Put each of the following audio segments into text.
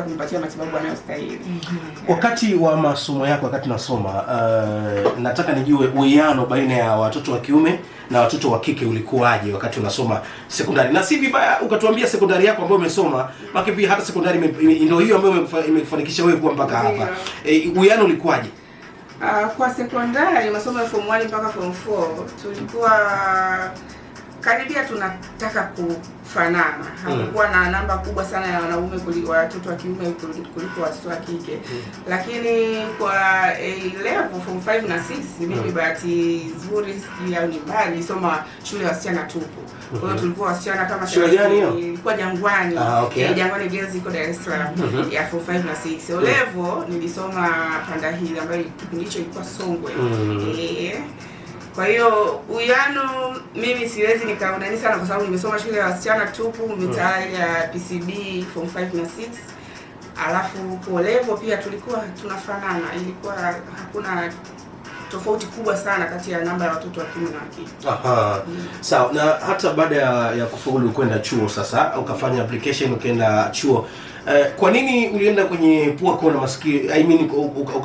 kuweza kumpatia matibabu anayostahili. Mhm. Wakati wa masomo yako, wakati nasoma, uh, nataka nijue uwiano baina ya watoto wa kiume na watoto wa kike ulikuwaje wakati unasoma sekondari? Na si vibaya ukatuambia sekondari yako ambayo umesoma, maana pia hata sekondari ndio hiyo ambayo imekufanikisha wewe kuwa mpaka hapa. Eh, uwiano e, ulikuwaje? Uh, kwa sekondari masomo ya form 1 mpaka form 4 tulikuwa karibia tunataka kufanana. Hmm. Hakukuwa na namba kubwa sana ya wanaume kuliko watoto wa kiume kuliko watoto wa kike mm. lakini kwa A eh, level form 5 na 6 mimi mm. bahati nzuri au ni mbali nilisoma shule ya wasichana tupu kwa hiyo hmm. tulikuwa wasichana kama shule gani hiyo ilikuwa Jangwani ah, okay. Eh, Jangwani Girls iko Dar es Salaam mm -hmm. ya form 5 na 6 O hmm. level nilisoma Pandahili ambayo kipindi hicho ilikuwa Songwe mm kwa hiyo uyano mimi siwezi nikaunani sana, kwa sababu nimesoma shule ya wasichana tupu mitaa mm. ya PCB form 5 na 6, alafu po pia tulikuwa tunafanana, ilikuwa hakuna tofauti kubwa sana kati ya namba ya watoto wa kiume na wa kike. Aha. Mm. Sawa. Na hata baada ya, ya kufaulu kwenda chuo sasa ukafanya application ukaenda chuo eh, kwa nini ulienda kwenye pua koo na masikio? I mean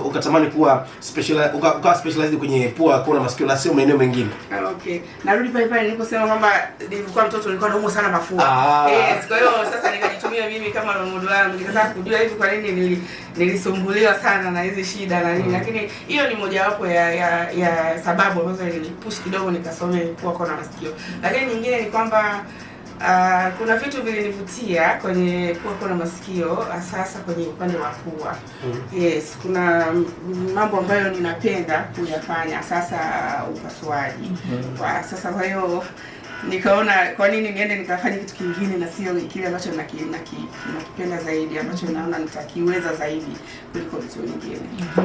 ukatamani kuwa special uka, uka specialized kwenye pua koo na masikio na sio maeneo mengine? Ah, Okay. Narudi pale pale niliposema kwamba nilikuwa mtoto nilikuwa naumwa sana mafua. Ah. Yes, eh, kwa hiyo sasa nikajitumia mimi kama mamudu wangu nikataka kujua hivi kwa nini nili, nilisumbuliwa sana na hizi shida na nini. Mm. Lakini hiyo ni mojawapo ya, ya ya sababu ambazo nilipush kidogo nikasome kuwa kwa na masikio. Lakini nyingine ni kwamba Uh, kuna vitu vilinivutia kwenye pua na masikio sasa kwenye upande wa pua. Mm. Yes, kuna mambo ambayo ninapenda kuyafanya sasa upasuaji. Mm. Kwa sasa kwa hiyo nikaona kwa nini niende nikafanya kitu kingine na sio kile ambacho nakipenda zaidi ambacho naona nitakiweza zaidi kuliko vitu vingine. Mm-hmm.